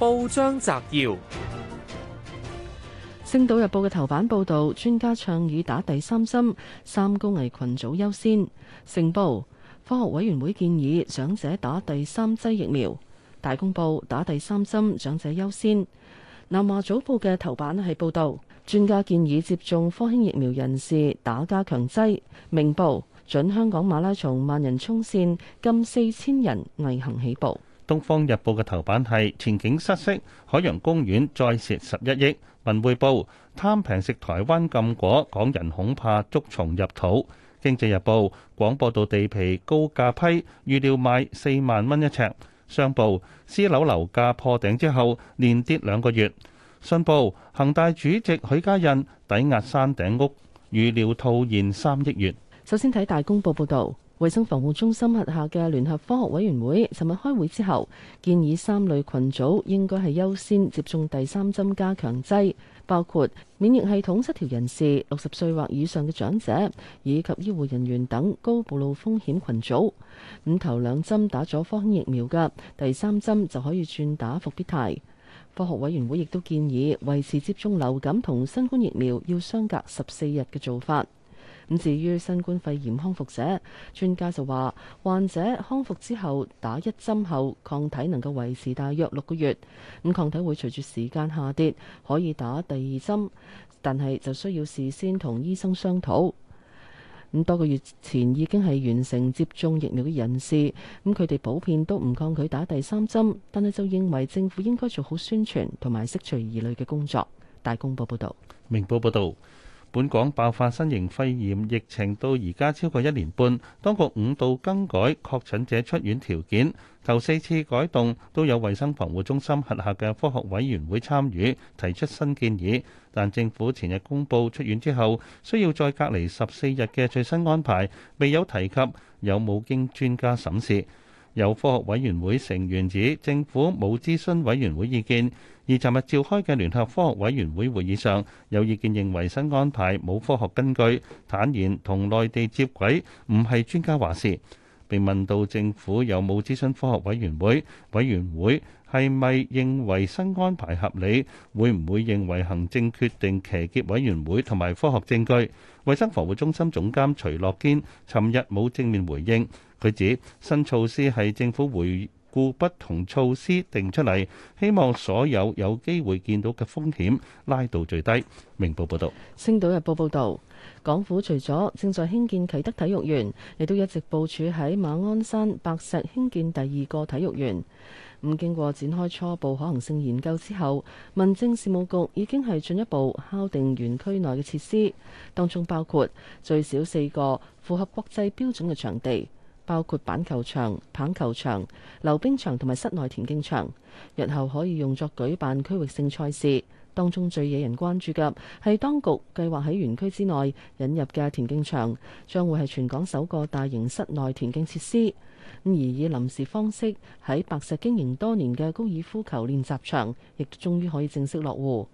.報章摘要：星島日報嘅頭版報道，專家倡議打第三針，三高危群組優先。成報，科學委員會建議長者打第三劑疫苗。大公報，打第三針，長者優先。南華早報嘅頭版係報道，專家建議接種科興疫苗人士打加強劑。明報，准香港馬拉松萬人衝線，近四千人毅行起步。《東方日報》嘅頭版係前景失色，海洋公園再蝕十一億。《文匯報》貪平食台灣禁果，港人恐怕捉蟲入肚。《經濟日報》廣播道地皮高價批，預料賣四萬蚊一尺。《商報》私樓樓價破頂之後，連跌兩個月。《信報》恒大主席許家印抵押山頂屋，預料套現三億元。首先睇大公報報道。衛生防護中心轄下嘅聯合科學委員會尋日開會之後，建議三類群組應該係優先接種第三針加強劑，包括免疫系統失調人士、六十歲或以上嘅長者以及醫護人員等高暴露風險群組。咁頭兩針打咗科興疫苗嘅，第三針就可以轉打復必泰。科學委員會亦都建議維持接種流感同新冠疫苗要相隔十四日嘅做法。咁至於新冠肺炎康復者，專家就話：患者康復之後打一針後，抗體能夠維持大約六個月。咁抗體會隨住時間下跌，可以打第二針，但係就需要事先同醫生商討。咁多個月前已經係完成接種疫苗嘅人士，咁佢哋普遍都唔抗拒打第三針，但係就認為政府應該做好宣傳同埋釋除疑慮嘅工作。大公報報道。明報報道。本港爆發新型肺炎疫情到而家超過一年半，當局五度更改確診者出院條件，頭四次改動都有衞生防護中心轄下嘅科學委員會參與提出新建議，但政府前日公佈出院之後需要再隔離十四日嘅最新安排，未有提及有冇經專家審視。有科學委員會成員指政府冇諮詢委員會意見，而尋日召開嘅聯合科學委員會會議上，有意見認為新安排冇科學根據，坦言同內地接軌唔係專家話事。並問到政府有冇諮詢科學委員會，委員會係咪認為新安排合理，會唔會認為行政決定騎劫委員會同埋科學證據，衞生防護中心總監徐樂堅尋日冇正面回應。佢指新措施係政府回顧不同措施定出嚟，希望所有有機會見到嘅風險拉到最低。明報報道，星島日報報道，港府除咗正在興建啟德體育園，亦都一直部署喺馬鞍山白石興建第二個體育園，咁經過展開初步可行性研究之後，民政事務局已經係進一步敲定園區內嘅設施，當中包括最少四個符合國際標準嘅場地。包括板球場、棒球場、溜冰場同埋室內田徑場，日後可以用作舉辦區域性賽事。當中最惹人關注嘅係當局計劃喺園區之內引入嘅田徑場，將會係全港首個大型室內田徑設施。而以臨時方式喺白石經營多年嘅高爾夫球練習場，亦終於可以正式落戶。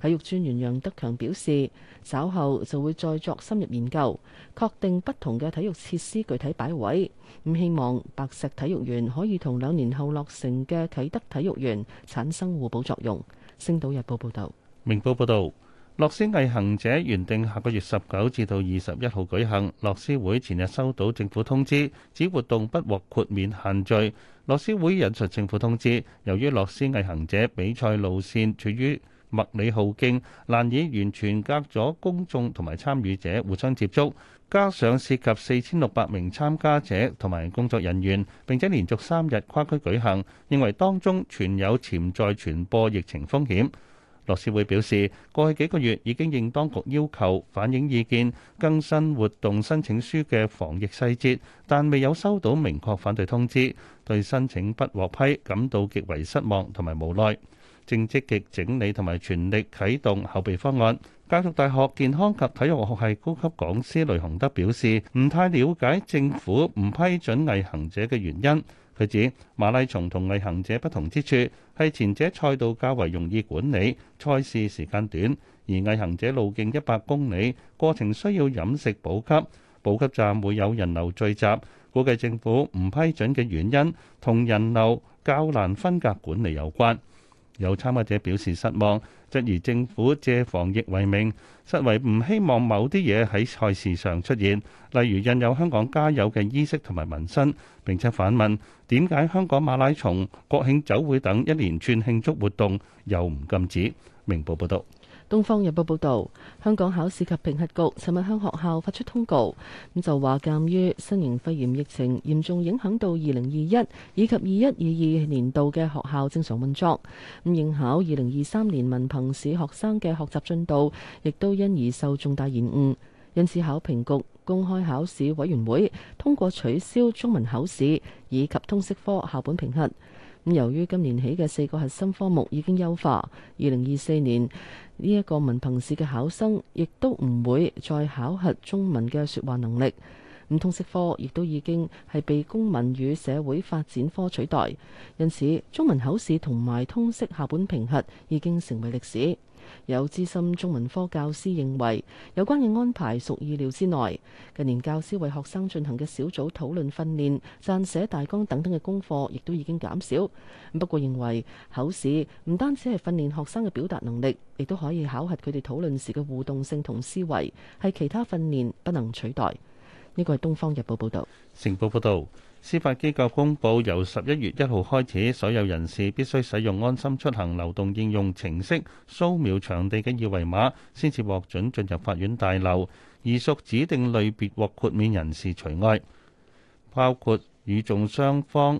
體育專員楊德強表示，稍後就會再作深入研究，確定不同嘅體育設施具體擺位。咁希望白石體育園可以同兩年後落成嘅啟德體育園產生互補作用。星島日報報導，明報報導，樂施毅行者原定下個月十九至到二十一號舉行，樂施會前日收到政府通知，指活動不獲豁免限聚。樂施會引述政府通知，由於樂施毅行者比賽路線處於麥理浩徑難以完全隔咗公眾同埋參與者互相接觸，加上涉及四千六百名參加者同埋工作人員，並且連續三日跨區舉行，認為當中存有潛在傳播疫情風險。樂施會表示，過去幾個月已經應當局要求反映意見，更新活動申請書嘅防疫細節，但未有收到明確反對通知，對申請不獲批感到極為失望同埋無奈。正積極整理同埋全力啟動後備方案。教育大學健康及體育學系高級講師雷洪德表示：唔太了解政府唔批准毅行者嘅原因。佢指馬拉松同毅行者不同之處係前者賽道較為容易管理，賽事時間短；而毅行者路徑一百公里，過程需要飲食補給，補給站會有人流聚集。估計政府唔批准嘅原因同人流較難分隔管理有關。有參加者表示失望，質疑政府借防疫為名，實為唔希望某啲嘢喺賽事上出現，例如印有香港加油嘅衣飾同埋紋身。並且反問點解香港馬拉松、國慶酒會等一連串慶祝活動又唔禁止？明報報道。《東方日報》報導，香港考試及評核局尋日向學校發出通告，咁就話鑑於新型肺炎疫情嚴重影響到二零二一以及二一二二年度嘅學校正常運作，咁應考二零二三年文憑試學生嘅學習進度，亦都因而受重大延誤，因此考評局公開考試委員會通過取消中文考試以及通識科校本評核。咁由於今年起嘅四個核心科目已經優化，二零二四年呢一個文憑試嘅考生亦都唔會再考核中文嘅説話能力，唔通識科亦都已經係被公民與社會發展科取代，因此中文口試同埋通識校本評核已經成為歷史。有資深中文科教師認為，有關嘅安排屬意料之內。近年教師為學生進行嘅小組討論、訓練、撰寫大綱等等嘅功課，亦都已經減少。不過認為口試唔單止係訓練學生嘅表達能力，亦都可以考核佢哋討論時嘅互動性同思維，係其他訓練不能取代。呢個係東方日報報道，成報報道。司法機構公布，由十一月一號開始，所有人士必須使用安心出行流動應用程式 掃描場地嘅二維碼，先至獲准進入法院大樓。而屬指定類別或豁免人士除外，包括與訟雙方、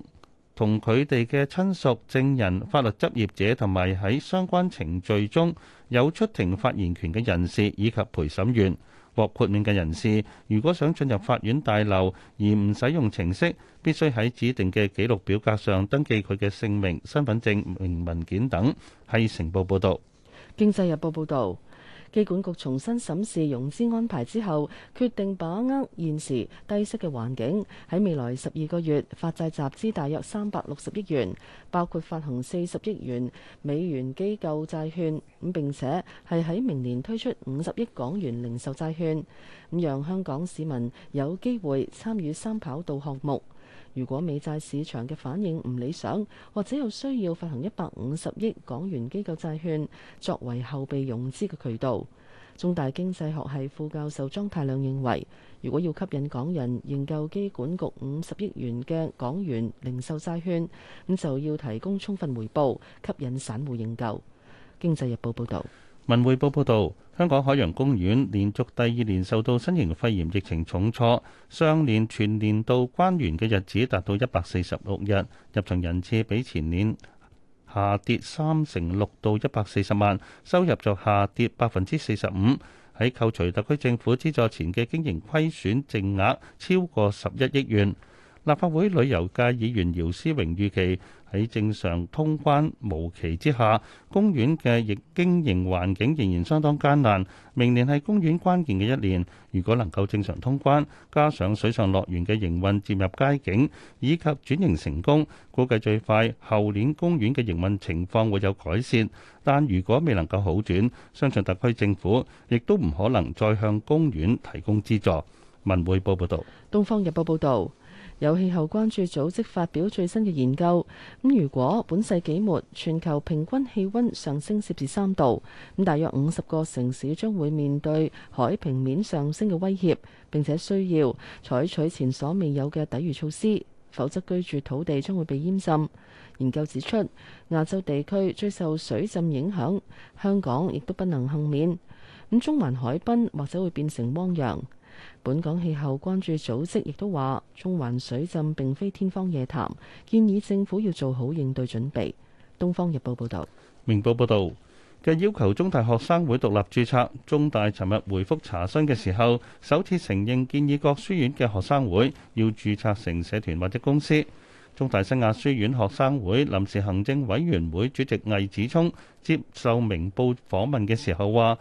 同佢哋嘅親屬、證人、法律執業者同埋喺相關程序中有出庭發言權嘅人士，以及陪審員。獲豁免嘅人士，如果想進入法院大樓而唔使用程式，必須喺指定嘅記錄表格上登記佢嘅姓名、身份證明文件等。係成報報道，經濟日報報道。機管局重新審視融資安排之後，決定把握現時低息嘅環境，喺未來十二個月發債集資大約三百六十億元，包括發行四十億元美元機構債券，咁並且係喺明年推出五十億港元零售債券，咁讓香港市民有機會參與三跑道項目。如果美債市場嘅反應唔理想，或者又需要發行一百五十億港元機構債券作為後備融資嘅渠道。中大經濟學系副教授莊太亮認為，如果要吸引港人認購機管局五十億元嘅港元零售債券，咁就要提供充分回報吸引散戶認購。經濟日報報道。文匯報報道，香港海洋公園連續第二年受到新型肺炎疫情重挫，上年全年度關園嘅日子達到一百四十六日，入場人次比前年下跌三成六到一百四十萬，收入就下跌百分之四十五，喺扣除特區政府資助前嘅經營虧損淨額超過十一億元。立法會旅遊界議員姚思榮預期喺正常通關無期之下，公園嘅營經營環境仍然相當艱難。明年係公園關鍵嘅一年，如果能夠正常通關，加上水上樂園嘅營運漸入佳境，以及轉型成功，估計最快後年公園嘅營運情況會有改善。但如果未能夠好轉，相信特區政府亦都唔可能再向公園提供資助。文匯報報導。《東方日報》報導。有氣候關注組織發表最新嘅研究，咁如果本世紀末全球平均氣溫上升攝氏三度，咁大約五十個城市將會面對海平面上升嘅威脅，並且需要採取前所未有嘅抵禦措施，否則居住土地將會被淹浸。研究指出，亞洲地區最受水浸影響，香港亦都不能幸免，咁中環海濱或者會變成汪洋。本港氣候關注組織亦都話：中環水浸並非天方夜譚，建議政府要做好應對準備。《東方日報》報道。《明報》報道，嘅要求中大學生會獨立註冊。中大尋日回覆查詢嘅時候，首次承認建議各書院嘅學生會要註冊成社團或者公司。中大新亞書院學生會臨時行政委員會主席魏子聰接受明報訪問嘅時候話。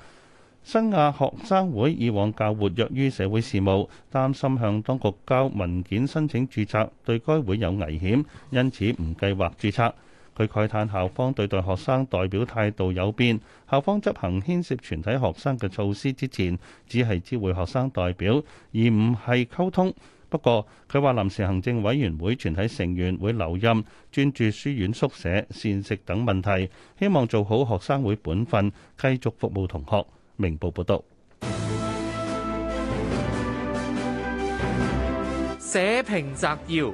新亞學生會以往較活躍於社會事務，擔心向當局交文件申請註冊對該會有危險，因此唔計劃註冊。佢慨嘆校方對待學生代表態度有變，校方執行牽涉全體學生嘅措施之前，只係知會學生代表而唔係溝通。不過佢話，臨時行政委員會全體成員會留任，專注書院宿舍、膳食等問題，希望做好學生會本分，繼續服務同學。明報報道，社評摘要：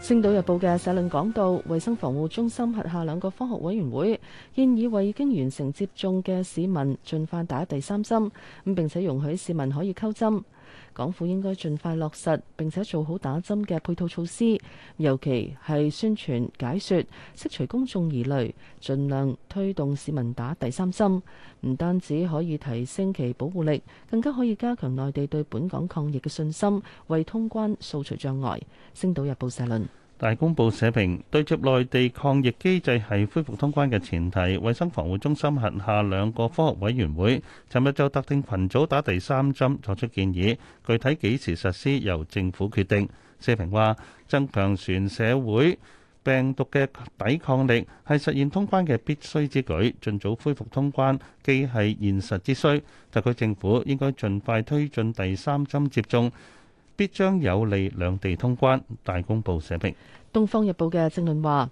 星島日報嘅社論講到，衛生防護中心轄下兩個科學委員會，建議為已經完成接種嘅市民，盡快打第三針，咁並且容許市民可以溝針。港府應該盡快落實，並且做好打針嘅配套措施，尤其係宣傳解説，釋除公眾疑慮，盡量推動市民打第三針。唔單止可以提升其保護力，更加可以加強內地對本港抗疫嘅信心，為通關掃除障礙。星島日報社論。大公報社評，對接內地抗疫機制係恢復通關嘅前提。衛生防護中心轄下兩個科學委員會尋日就特定群組打第三針作出建議，具體幾時實施由政府決定。社評話，增強全社會病毒嘅抵抗力係實現通關嘅必須之舉，盡早恢復通關既係現實之需，特區政府應該盡快推進第三針接種。必將有利兩地通關。大公報社評。東方日報嘅政論話，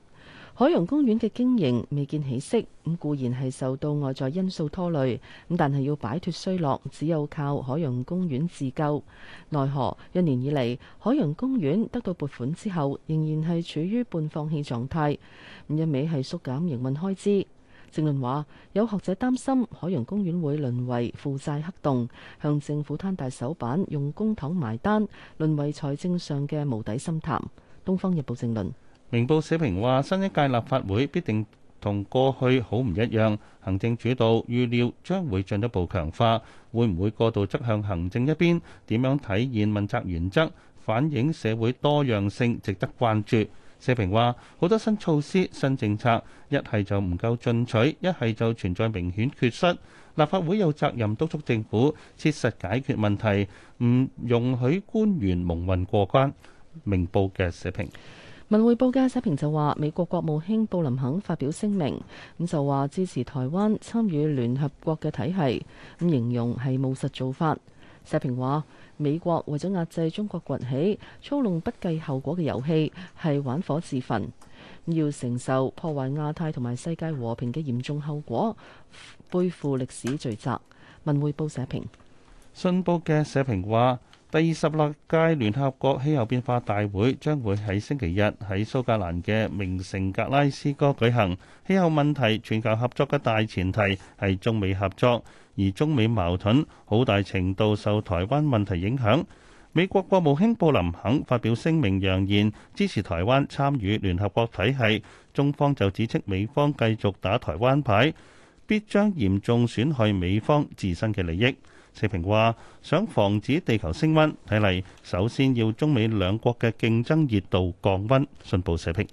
海洋公園嘅經營未見起色，咁固然係受到外在因素拖累，咁但係要擺脱衰落，只有靠海洋公園自救。奈何一年以嚟，海洋公園得到撥款之後，仍然係處於半放棄狀態，咁一味係縮減營運開支。政論話，有學者擔心海洋公園會淪為負債黑洞，向政府攤大手板，用公帑埋單，淪為財政上嘅無底深潭。《東方日報》政論，《明報》社評話，新一屆立法會必定同過去好唔一樣，行政主導預料將會進一步強化，會唔會過度側向行政一邊？點樣體現問責原則，反映社會多樣性，值得關注。社評話：好多新措施、新政策，一係就唔夠進取，一係就存在明顯缺失。立法會有責任督促政府切實解決問題，唔容許官員蒙混過關。明報嘅社評。文匯報嘅社評就話：美國國務卿布林肯發表聲明，咁就話支持台灣參與聯合國嘅體系，咁形容係務實做法。社評話：美國為咗壓制中國崛起，操弄不計後果嘅遊戲，係玩火自焚，要承受破壞亞太同埋世界和平嘅嚴重後果，背負歷史罪責。文匯報社評。信報嘅社評話：第二十六屆聯合國氣候變化大會將會喺星期日喺蘇格蘭嘅名城格拉斯哥舉行。氣候問題全球合作嘅大前提係中美合作。而中美矛盾好大程度受台灣問題影響，美國國務卿布林肯發表聲明揚言支持台灣參與聯合國體系，中方就指斥美方繼續打台灣牌，必將嚴重損害美方自身嘅利益。社評話：想防止地球升溫，睇嚟首先要中美兩國嘅競爭熱度降溫。信報社評。